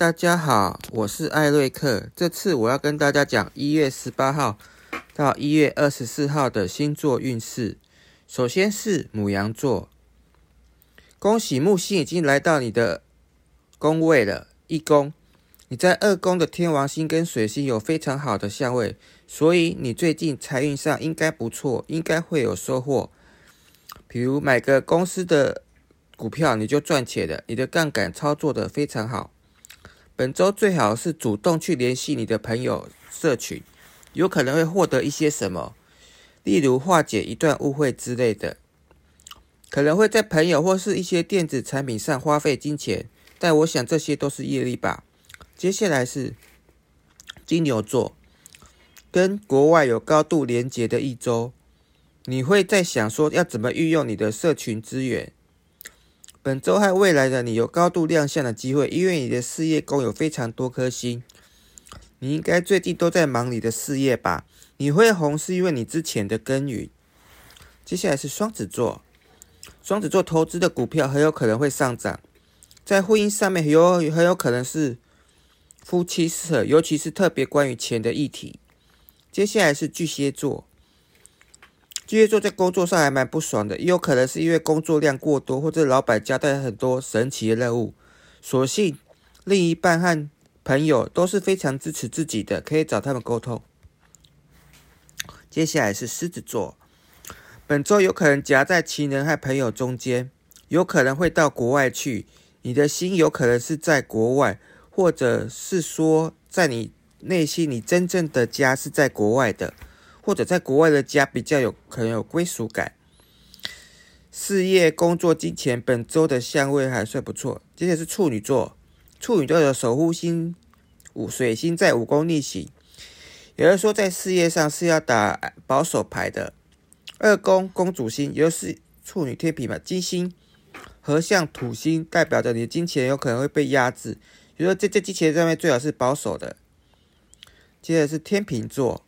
大家好，我是艾瑞克。這次我要跟大家講一月十八號到一月二十四號的星座運勢。首先是牡羊座，恭喜木星已經來到你的宮位了，一宮。你在二宮的天王星跟水星有非常好的相位，所以你最近財運上應該不錯，應該會有收穫。比如買個公司的股票，你就賺錢了。你的槓桿操作的非常好。本週最好是主動去聯繫你的朋友社群，有可能會獲得一些什麼，例如化解一段誤會之類的。可能會在朋友或是一些電子產品上花費金錢，但我想這些都是業力吧。接下來是金牛座，跟國外有高度連結的一周，你會在想說要怎麼運用你的社群資源。本週和未來的你有高度亮相的機會，因為你的事業宮有非常多顆星。你應該最近都在忙你的事業吧？你會紅是因為你之前的耕耘。接下來是雙子座，雙子座投資的股票很有可能會上漲。在婚姻上面很有很有可能是夫妻失和，尤其是特別關於錢的議題。接下來是巨蟹座。巨蟹座在工作上還蠻不爽的，也有可能是因為工作量過多，或者老闆交代很多神奇的任務。所幸另一半和朋友都是非常支持自己的，可以找他們溝通。接下來是獅子座，本週有可能夾在情人和朋友中間，有可能會到國外去。你的心有可能是在國外，或者是說在你內心，你真正的家是在國外的。或者在國外的家比較有可能有歸屬感。事業、工作、金錢，本周的相位還算不錯。接着是處女座，處女座的守護星五水星在五宮逆行，有人說在事業上是要打保守牌的。二宮宮，宮主星，也就是處女天秤嘛，金星合相土星，代表着你的金錢有可能會被壓制。比如說在這金錢上面最好是保守的。接着是天秤座。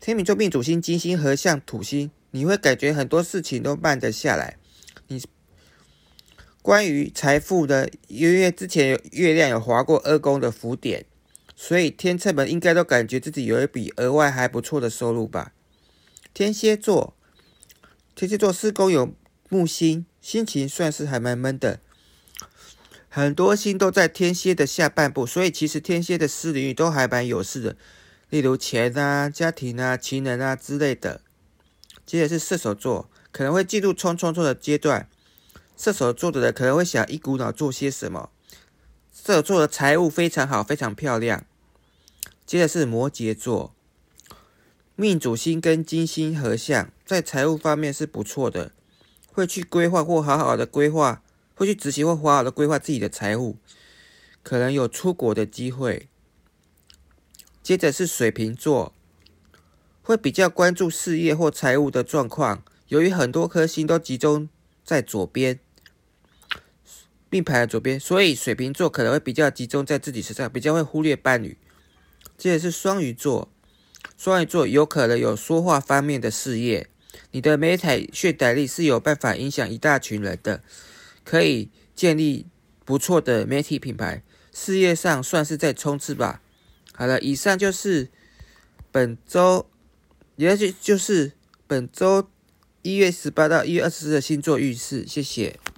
天秤座命主星金星合相土星，你會感覺很多事情都慢得下來。你關於財富的，因為之前有月亮有劃過二宮的福點，所以天秤們應該都感覺自己有一筆額外還不錯的收入吧。天蠍座，天蠍座四宮有木星，心情算是還蠻悶的。很多星都在天蠍的下半部，所以其實天蠍的私領域都還蠻有事的。例如錢啊、家庭啊、情人啊之類的。接着是射手座，可能會進入衝衝衝的階段。射手座的人可能會想一股腦做些什麼。射手座的財務非常好，非常漂亮。接着是摩羯座，命主星跟金星合相，在財務方面是不錯的，會去規劃或好好的規劃，會去執行或好好的規劃自己的財務，可能有出國的機會。接着是水瓶座，會比較關注事業或財務的狀況。由於很多顆星都集中在左邊，並排在左邊，所以水瓶座可能會比較集中在自己身上，比較會忽略伴侶。接着是雙魚座，雙魚座有可能有說話方面的事業。你的媒體宣傳力是有辦法影響一大群人的，可以建立不錯的媒體品牌，事業上算是在衝刺吧。好了，以上就是本週，也就就是本週一月十八到一月二十四日的星座運勢，謝謝。